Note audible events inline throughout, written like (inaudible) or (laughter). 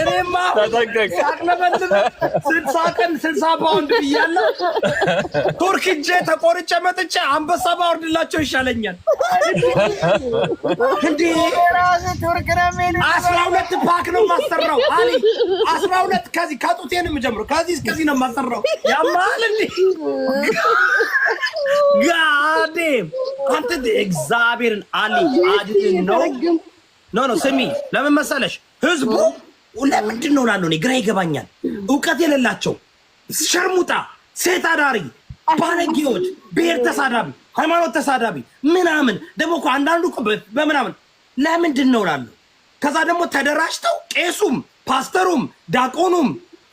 እኔማ ሳቅለበልብ ስልሳ ቀን ስልሳ ቱርክ ተቆርጬ መጥቼ አንበሳ ባወርድላቸው ይሻለኛል። እንዲህ አስራ ሁለት ፓክ ነው የማሰራው። አሊ አስራ ሁለት ከዚህ ከጡቴ ነው የምጀምረው። ከዚህ እስከዚህ ነው ያማል እንዲ ጋዴ አንተ እግዚአብሔርን አሊ አድን ነው። ኖ ኖ ስሚ፣ ለምን መሰለሽ ህዝቡ ለምንድን ነው እላለሁ እኔ ግራ ይገባኛል። እውቀት የሌላቸው ሸርሙጣ፣ ሴት አዳሪ፣ ባለጌዎች፣ ብሔር ተሳዳቢ፣ ሃይማኖት ተሳዳቢ ምናምን ደግሞ እኮ አንዳንዱ በምናምን ለምንድን ነው እላለሁ። ከዛ ደግሞ ተደራጅተው ቄሱም፣ ፓስተሩም፣ ዳቆኑም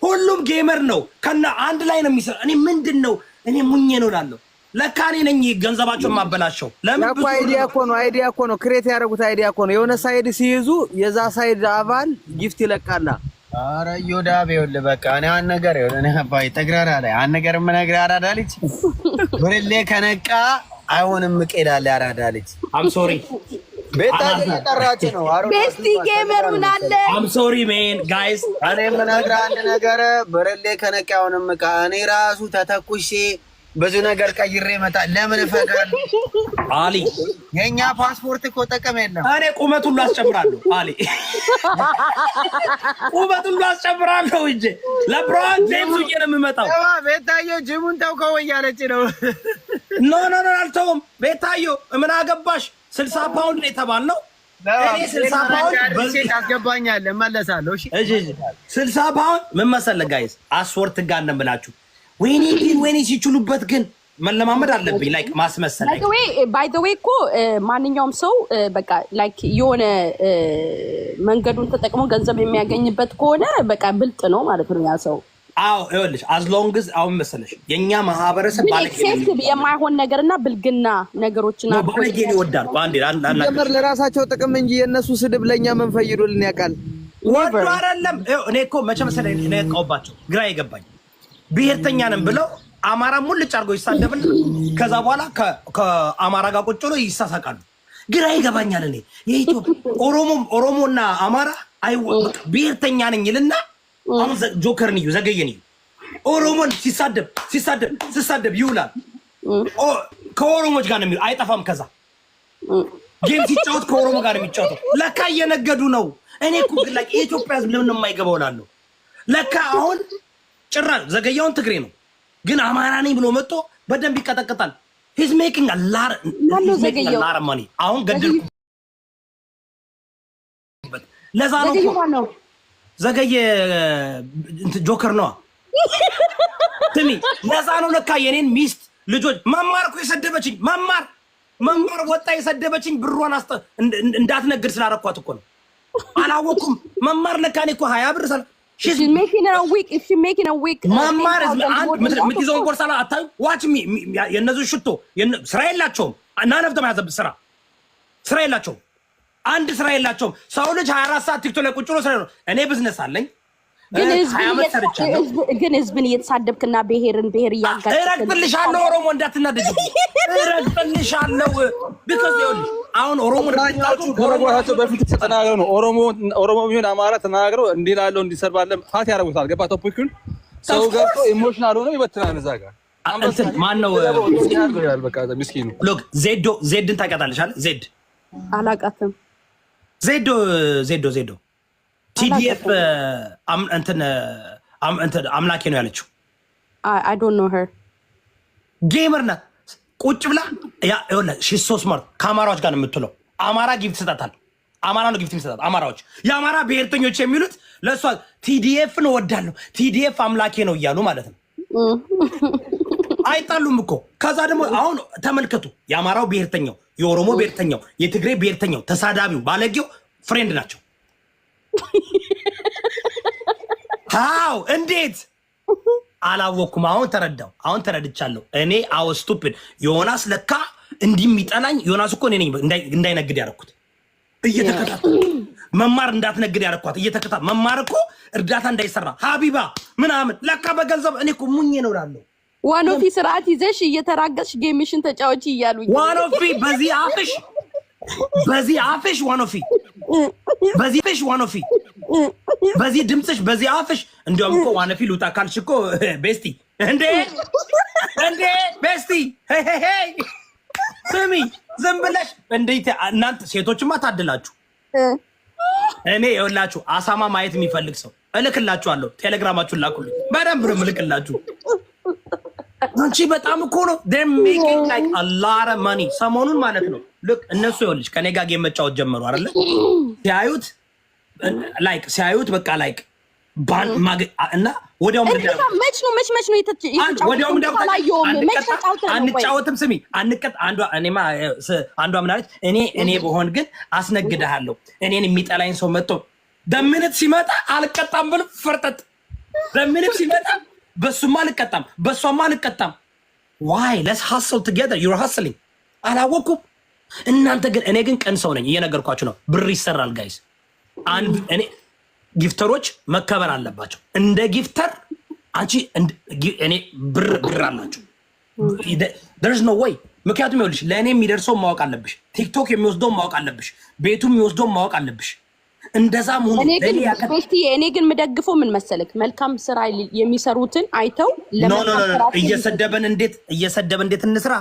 ሁሉም ጌመር ነው ከና አንድ ላይ ነው የሚሰራ። እኔ ምንድን ነው እኔ ሙኜ ነው ላለው ለካ እኔ ነኝ ገንዘባቸው ማበላሸው። ለምን ብዙ አይዲያ እኮ ነው፣ አይዲያ እኮ ነው፣ ክሬት ያደረጉት አይዲያ እኮ ነው። የሆነ ሳይድ ሲይዙ የዛ ሳይድ አባል ጊፍት ይለቃላ። አረ ዮዳብ ይኸውልህ፣ በቃ እኔ አንድ ነገር ይኸውልህ፣ እኔ አባይ ተግራራ ላይ አንድ ነገር የምነግርህ አራዳ ልጅ ብርሌ ከነቃ አይሆንም እቀዳለሁ። አራዳ ልጅ አም ሶሪ ቤታ እየጠራች ቤስቲ ጌመር ምን አለ አም ሶሪ ሜን ጋይስ፣ እኔ የምነግርህ አንድ ነገር ብርሌ ከነቃ አይሆንም እቃ እኔ ራሱ ተተኩሼ ብዙ ነገር ቀይሬ መጣ። ለምን ፈቃድ አሊ፣ የኛ ፓስፖርት እኮ ጥቅም የለም። እኔ ቁመት ሁሉ አስጨምራለሁ። አሊ፣ ቁመት ሁሉ አስጨምራለሁ እንጂ ለብራን ጀምሱ ነው የምመጣው። ቤታዮ ጅሙን ተው ከው እያለች ነው። ኖ ኖ ኖ፣ አልተውም። ቤታዮ ምን አገባሽ? ስልሳ ፓውንድ ነው የተባልነው። ስልሳ ፓውንድ ስልሳ ፓውንድ ምን መሰለህ ጋይስ፣ አስወርት ጋር እንደምላችሁ ወይኔ ግን ወይኔ ሲችሉበት ግን መለማመድ አለብኝ። ላይክ ማስመሰል ባይ ዘ ዌይ እኮ ማንኛውም ሰው በቃ ላይክ የሆነ መንገዱን ተጠቅሞ ገንዘብ የሚያገኝበት ከሆነ በቃ ብልጥ ነው ማለት ነው ያ ሰው። አዎ ይኸውልሽ፣ አዝሎንግዝ አሁን መሰለሽ የእኛ ማህበረሰብ ሴት የማይሆን ነገርና ብልግና ነገሮችን ባለጌ ይወዳል። ጀመር ለራሳቸው ጥቅም እንጂ የእነሱ ስድብ ለእኛ መንፈይዱልን ያውቃል ወዶ አይደለም። እኔ እኮ መቼ መሰለኝ እኔ ያውቃውባቸው ግራ የገባኝ ብሔርተኛ ነን ብለው አማራ ሙልጭ አድርገው ይሳደብና ከዛ በኋላ ከአማራ ጋር ቁጭ ብሎ ይሳሳቃሉ። ግራ ይገባኛል። እኔ የኢትዮጵያ ኦሮሞና አማራ ብሔርተኛ ነኝ ይልና አሁን ጆከርን እዩ ዘገየን እዩ ኦሮሞን ሲሳደብ ሲሳደብ ሲሳደብ ይውላል። ከኦሮሞች ጋር ነው የሚ አይጠፋም። ከዛ ጌም ሲጫወት ከኦሮሞ ጋር ነው የሚጫወተው። ለካ እየነገዱ ነው። እኔ እኮ ግን የኢትዮጵያ ህዝብ ለምን የማይገባው እላለሁ። ለካ አሁን ጭራሽ ዘገያውን ትግሬ ነው፣ ግን አማራ ነኝ ብሎ መጥቶ በደንብ ይቀጠቅጣል። ሂዝ ሜኪንግ ላር ማኒ አሁን ገደልኩበት። ለዛ ነው ዘገየ ጆከር ነዋ። ስሚ ለዛ ነው ለካ የኔን ሚስት ልጆች መማር እኮ የሰደበችኝ መማር መማር ወጣ የሰደበችኝ ብሯን እንዳትነግድ ስላረኳት እኮ ነው። አላወኩም መማር ለካ እኔ እኮ ሀያ ብር ሰላ የምትይዘውን ጎርሳ ላይ አታዩ ዋች የእነዚህ ሽቶ ስራ የላቸውም። ናነፍተ መያዘብት ስራ ስራ የላቸውም። አንድ ስራ የላቸውም። ሰው ልጅ ሀያ አራት ሰዓት ቲክቶክ ላይ ቁጭ ብሎ ስራ እኔ ብዝነስ አለኝ ግን ህዝብን እየተሳደብክና ብሔርን ብሔር እያጋ እረግጥልሻለሁ። ኦሮሞ እንዳትናደጅ (laughs) እረግጥልሻለሁ። ቢኮዝ ይኸውልሽ አሁን ኦሮሞ ኦሮሞ ከመግባታቸው በፊት ተናግረው ነው። ኦሮሞ ኦሮሞ ቢሆን አማራ ተናግረው እንዲህ ላለው እንዲሰርባለን ፋት ያደርጉታል። ገባ ቶፒኩን ሰው ገብቶ ኢሞሽናል ሆኖ ይበትናል። እዛ ጋር ማነው ምስኪኑ ዜዶ ዜድን ታውቂያታለሽ? አለ ዜድ አላውቃትም። ዜዶ ዜዶ ዜዶ ቲዲኤፍ እንትን አምላኬ ነው ያለችው። ጌመር ናት ቁጭ ብላ ሶስት መር ከአማራዎች ጋር ነው የምትውለው። አማራ ጊፍት ይሰጣታል። አማራ ነው ጊፍት የሚሰጣት። አማራዎች የአማራ ብሔርተኞች የሚሉት ለእሷ ቲዲኤፍን እወዳለሁ፣ ቲዲኤፍ አምላኬ ነው እያሉ ማለት ነው። አይጣሉም እኮ። ከዛ ደግሞ አሁን ተመልከቱ፣ የአማራው ብሔርተኛው፣ የኦሮሞ ብሔርተኛው፣ የትግሬ ብሔርተኛው፣ ተሳዳቢው፣ ባለጌው ፍሬንድ ናቸው። (laughs) አዎ እንዴት አላወቅኩም። አሁን ተረዳው። አሁን ተረድቻለሁ። እኔ አወስቱፕድ ዮናስ ለካ እንዲሚጠናኝ ዮናስ እኮ እኔ እንዳይነግድ ያደረኩት እየተከታተል መማር እንዳትነግድ ያደረኳት እየተከታተል መማር እኮ እርዳታ እንዳይሰራ ሀቢባ ምናምን ለካ በገንዘብ እኔ እኮ ሙኜ ነው እላለሁ። ዋኖፊ ስርዓት ይዘሽ እየተራገሽ ጌሚሽን ተጫወቺ እያሉ ዋኖፊ በዚህ አፍሽ በዚህ አፍሽ ዋኖፊ በዚህ አፍሽ ዋኖፊ በዚህ ድምፅሽ በዚህ አፍሽ እንዲያውም እኮ ዋነፊ ልውጣ ካልሽ እኮ ቤስቲ እንዴ እንዴ ቤስቲ ስሚ ዝም ብለሽ እንዴት እናንተ ሴቶችማ ታድላችሁ። እኔ የውላችሁ አሳማ ማየት የሚፈልግ ሰው እልክላችኋለሁ። ቴሌግራማችሁን ላኩልኝ፣ በደንብ ነው እልክላችሁ። አንቺ በጣም እኮ ነው አላረ መኒ ሰሞኑን ማለት ነው። ልክ እነሱ ይኸውልሽ ከኔ ጋር ጌም መጫወት ጀመሩ አይደለ ሲያዩት ላይክ ሲያዩት በቃ ላይክ እና ወዲያውም መች ነው መች ነው አንጫወትም። ስሚ አንቀጥ እኔማ አንዷ እኔ እኔ በሆን ግን አስነግድሃለሁ። እኔን የሚጠላኝ ሰው መጥቶ በምንት ሲመጣ አልቀጣም ብል ፈርጠጥ በምንት ሲመጣ በሱማ አልቀጣም፣ በሷማ አልቀጣም። ዋይ ለስ ሀስል ቱጌዘር ዩር ሀስሊንግ አላወኩም። እናንተ ግን እኔ ግን ቀን ሰው ነኝ፣ እየነገርኳችሁ ነው። ብር ይሰራል ጋይስ አንድ እኔ ጊፍተሮች መከበር አለባቸው። እንደ ጊፍተር አንቺ እኔ ብር ብር አላቸው ደርስ ነው ወይ? ምክንያቱም ይኸውልሽ ለእኔ የሚደርሰው ማወቅ አለብሽ፣ ቲክቶክ የሚወስደው ማወቅ አለብሽ፣ ቤቱ የሚወስደው ማወቅ አለብሽ። እንደዛ መሆኑ እኔ ግን የምደግፈው ምን መሰለክ፣ መልካም ስራ የሚሰሩትን አይተው እየሰደበን እንዴት እየሰደብ እንዴት እንስራ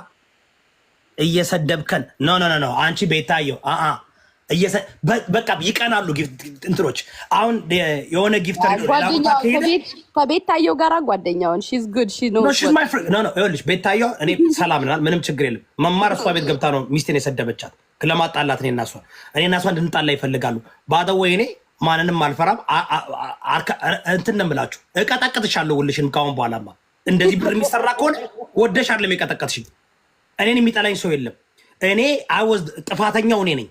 እየሰደብከን ኖ ኖ ኖ አንቺ ቤታየው በቃ ይቀናሉ እንትኖች። አሁን የሆነ ጊፍት ከቤት ታየው ጓደኛውን ቤት እኔ ሰላም ናል፣ ምንም ችግር የለም። መማር እሷ ቤት ገብታ ነው ሚስቴን የሰደበቻት ለማጣላት እኔ እና እሷ እኔ እና እሷ እንድንጣላ ይፈልጋሉ። ባደወይ እኔ ማንንም አልፈራም። እንትን ነው የምላችሁ፣ እቀጠቅጥሻለሁ። ውልሽን ካሁን በኋላማ እንደዚህ ብር የሚሰራ ከሆነ ወደሽ አይደለም የቀጠቀጥሽኝ። እኔን የሚጠላኝ ሰው የለም። እኔ ጥፋተኛው እኔ ነኝ።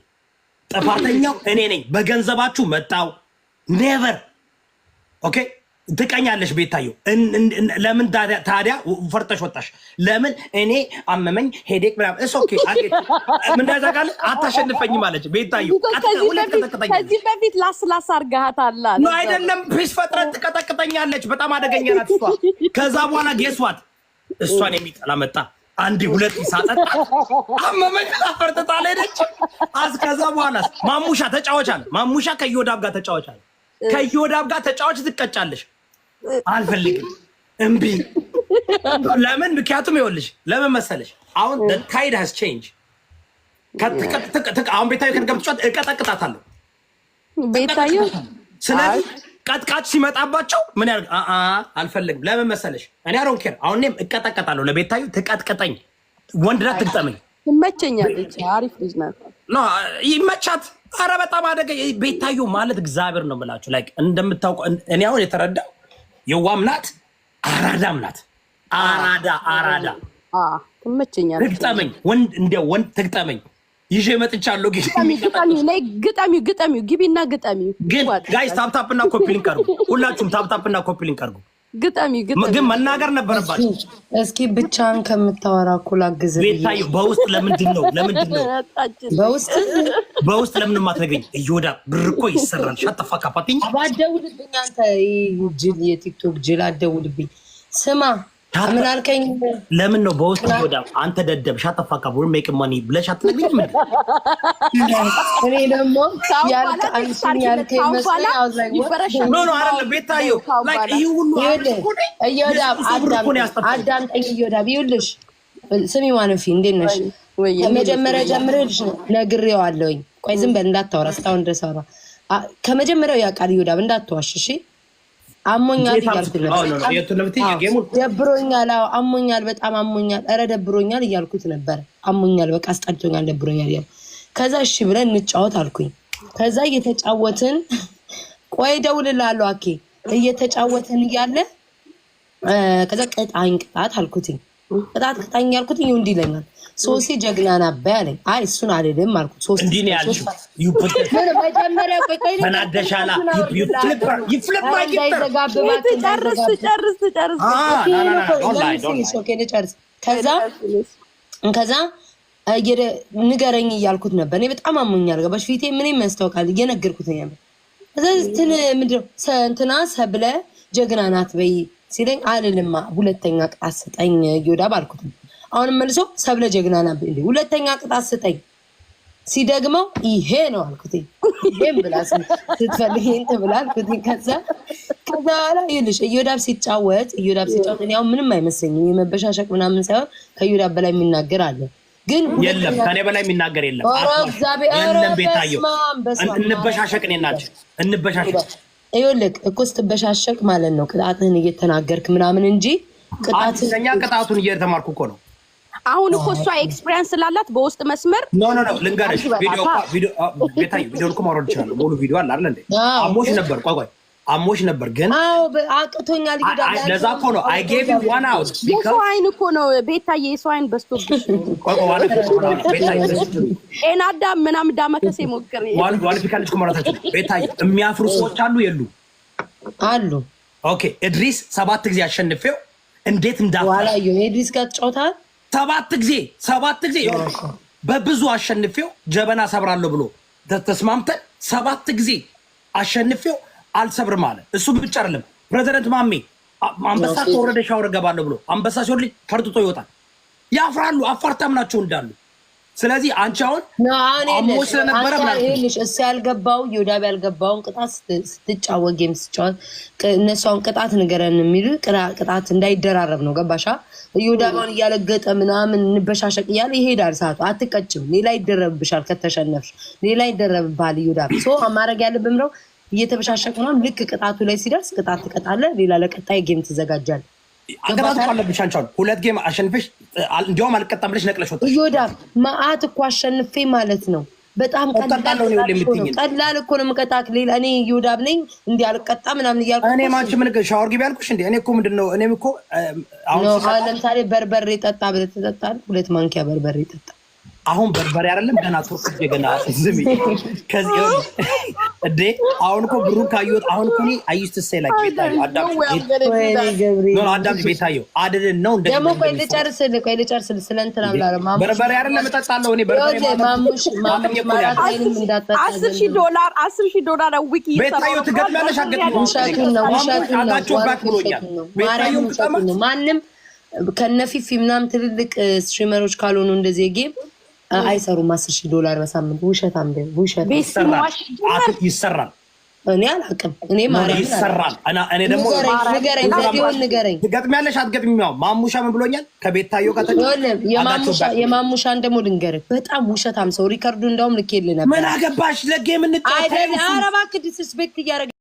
ጥፋተኛው እኔ ነኝ። በገንዘባችሁ መጣው ኔቨር ኦኬ ትቀኛለሽ ቤታየው። ለምን ታዲያ ፈርጠሽ ወጣሽ? ለምን እኔ አመመኝ ሄዴክ ምናምን እስ ኦኬ ምንዳዛቃል አታሸንፈኝም አለች ቤታየው። ከዚህ በፊት ላስላስ አርጋሃታላ አይደለም ፒስ ፈጥረት ትቀጠቅጠኛለች። በጣም አደገኛ ናት እሷ። ከዛ በኋላ ጌስዋት እሷን የሚጠላ መጣ አንድ ሁለት ይሳጠት አመመኝ ፈርጥጣ ሄደች። አስከዛ በኋላ ማሙሻ ተጫወቻል። ማሙሻ ከዮዳብ ጋር ተጫወቻል። ከዮዳብ ጋር ተጫዋች ትቀጫለሽ። አልፈልግም፣ እምቢ። ለምን? ምክንያቱም ይኸውልሽ ለምን መሰለሽ አሁን ታይድ ሃዝ ቼንጅ። አሁን ቤታዊ ከድገም ትጫወት እቀጠቅጣታለሁ። ቤታዩ ስለዚህ ቀጥቃጭ ሲመጣባቸው ምን ያ አልፈልግም። ለምን መሰለሽ እኔ አሮን ኬር አሁን እኔም እቀጠቀጣለሁ። ለቤታዩ ትቀጥቀጠኝ፣ ወንድና ናት፣ ትግጠመኝ። ይመቸኛል። አሪፍ ልጅ ናት፣ ይመቻት። አረ በጣም አደገ ቤታዩ ማለት እግዚአብሔር ነው የምላችሁ። ላይ እንደምታውቀ እኔ አሁን የተረዳው የዋም ናት፣ አራዳም ናት። አራዳ አራዳ ትመቸኛል፣ ትግጠመኝ፣ ወንድ እንደ ወንድ ትግጠመኝ ይዤ መጥቻለሁ። ግጠሚ ግጠሚ ግቢና ግጠሚ ግን ጋይስ ታፕታፕና ኮፒሊን ቀርጉ። ሁላችሁም እና ታፕታፕና ኮፒሊን ቀርጉ። ግጠሚ ግን መናገር ነበረባቸው። እስኪ ብቻን ከምታወራ ኩላ ግዝ ቤታዩ በውስጥ ለምንድን ነው ለምንድን ነው በውስጥ በውስጥ ለምን ማትነግረኝ? እዮዳ ብር እኮ ይሰራል። ሻጠፋ ካፓትኝ አደውልብኝ። አንተ ጅል የቲክቶክ ጅል አደውልብኝ። ስማ ምን አልከኝ? ለምን ነው በውስጥ ሆዳ አንተ ደደብ ሻተፋካ ሜክ ማኒ ብለሽ አትነግሪኝ? እኔ ደግሞ ይኸውልሽ፣ ስሚ ማንፊ፣ እንዴት ነሽ? ከመጀመሪያ ነግሬዋለሁኝ። ቆይ ዝም በል እንዳታወራ፣ እስካሁን ድረስ ከመጀመሪያው ያውቃል እንዳትዋሽ እሺ አሞኛል አሞኛል፣ በጣም አሞኛል፣ እረ ደብሮኛል እያልኩት ነበር። አሞኛል፣ በቃ አስጠልቶኛል፣ ደብሮኛል እያልኩ ከዛ እሺ ብለን እንጫወት አልኩኝ። ከዛ እየተጫወትን (laughs) ቆይ እደውልልሃለሁ አኬ እየተጫወትን እያለ ከዛ ቅጣኝ ቅጣት አልኩትኝ። ቅጣት ቅጣኝ ያልኩትኝ ይኸው እንዲህ ይለኛል ሶሲ ጀግና ናባ አለኝ። አይ እሱን አልሄድም አልኩት። ከዛ ንገረኝ እያልኩት ነበር። እኔ በጣም አሞኛል፣ ገባሽ? ፊቴ ምንም ያስታውቃል። እየነገርኩት ነበር። እዛትን ምንድነው እንትና ሰብለ ጀግና ናት በይ ሲለኝ፣ አልልማ ሁለተኛ ቅጣት ስጠኝ እዮዳብ ባልኩት ነው አሁንም መልሶ ሰብለ ጀግና ናት። ሁለተኛ ቅጣት ስጠኝ ሲደግመው ይሄ ነው አልኩት። ይሄን ብላ ስትፈልግ ይሄን ትብላ አልኩት። ከዛ ከዛ በኋላ ይልሽ እዮዳብ ሲጫወት እዮዳብ ሲጫወት እኔ አሁን ምንም አይመስለኝም የመበሻሸቅ ምናምን ሳይሆን ከእዮዳብ በላይ የሚናገር አለ ግን የለም ከኔ በላይ የሚናገር የለም። እግዚአብሔር ቤታየው እንበሻሸቅ እኔ ናቸው እንበሻሸቅ ይኸውልህ እኮ ስትበሻሸቅ ማለት ነው ቅጣትህን እየተናገርክ ምናምን እንጂ ቅጣትኛ ቅጣቱን እየተማርኩ እኮ ነው አሁን እኮ እሷ ኤክስፔሪንስ ስላላት በውስጥ መስመር ኖ ኖ ኖ ልንገርሽ፣ ቤታዬ ቪዲዮ እኮ ማውረድ ሙሉ ቪዲዮ አለ አሞሽ ነበር ቋቋ አሞሽ ነበር ግን አቅቶኛል። ለዛ እኮ ነው አይ ዋን አውት የሰው አይን እኮ ነው ቤታዬ፣ የሰው አይን ዳመከሴ ሞክር ቤታዬ፣ የሚያፍሩ ሰዎች አሉ የሉ አሉ። ኦኬ እድሪስ ሰባት ጊዜ አሸንፌው እንዴት እንዳላ እድሪስ ጋር ትጫወታል ሰባት ጊዜ ሰባት ጊዜ በብዙ አሸንፌው ጀበና ሰብራለሁ ብሎ ተስማምተን ሰባት ጊዜ አሸንፌው አልሰብርም አለ። እሱ ብቻ አይደለም ፕሬዚደንት ማሜ አንበሳ ከወረደ ሻወር እገባለሁ ብሎ አንበሳ ሲሆን ልጅ ፈርጥጦ ይወጣል። ያፍራሉ። አፋርታም ናቸው እንዳሉ ስለዚህ አንቺ አሁን አሞ ስለነበረ እሱ ያልገባው ዮዳብ ያልገባውን ቅጣት ስትጫወት ጌም ስትጫወት እነሱ አሁን ቅጣት ንገረን የሚሉ ቅጣት እንዳይደራረብ ነው። ገባሻ? ዮዳባን እያለገጠ ምናምን እንበሻሸቅ እያለ ይሄዳል። ሰዓቱ አትቀጭም። ሌላ ይደረብብሻል። ከተሸነፍሽ ሌላ ይደረብብሃል። ይሁዳብ ማድረግ ያለብን ነው። እየተበሻሸቅ ምናምን ልክ ቅጣቱ ላይ ሲደርስ ቅጣት ትቀጣለ። ሌላ ለቀጣይ ጌም ትዘጋጃለህ። አገዛዝ አለብሽ አንቺ ሁለት ጌም አሸንፈሽ እንዲያውም አልቀጣም ብለሽ ነቅለሽ ወጣሽ። እዮዳ መአት እኮ አሸንፌ ማለት ነው። በጣም ቀላል እኮ ነው የምቀጣክ። ሌላ እኔ እዮዳብ ነኝ እንዲህ አልቀጣ ምናምን እያልኩ እኔ ማንቺ ምን ሻወር ግቢ ያልኩሽ እንዴ? እኔ እኮ ምንድን ነው እኔም እኮ አሁን ለምሳሌ በርበሬ ጠጣ ብለህ ትጠጣለህ። ሁለት ማንኪያ በርበሬ ጠጣ። አሁን በርበሬ አይደለም ገና ቱርክ ገና ዝም ከዚህ (laughs) እንዴ አሁን እኮ ብሩን ካየሁት አሁን እኮ አዩስት ሴ ላይ ቤታየሁ አዳምጪ፣ ነው እንደ ደግሞ ቆይ ልጨርስልህ፣ ቆይ ልጨርስልህ። ስለ እንትን በርበሬ አይደለም እጠጣለሁ እኔ በርበሬ አስር ሺህ ዶላር አስር ሺህ ዶላር ዊክ ትገጥሚያለሽ። ውሸቱን ነው፣ ውሸቱን ነው። ውሸቱን ነው። ማንም ከነፊፊ ምናምን ትልልቅ ስትሪመሮች ካልሆኑ እንደዚህ ጌም አይሰሩም። አስር ሺህ ዶላር በሳምንት ውሸት አምደ ውሸት ይሰራል። እኔ አላውቅም። እኔ ማርያም ይሰራል። እኔ ደግሞ ንገረኝ፣ ዘዴውን ንገረኝ። ትገጥሚያለሽ አትገጥሚም? ያው ማሙሻ ምን ብሎኛል? ከቤታዮ ጋር የማሙሻን ደግሞ ልንገርህ፣ በጣም ውሸታም ሰው ሪከርዱ፣ እንዳውም ልኬልህ ነበር። ምን አገባሽ ለጌ የምንጫ አይደል? ኧረ እባክህ ዲስስፔክት እያደረገ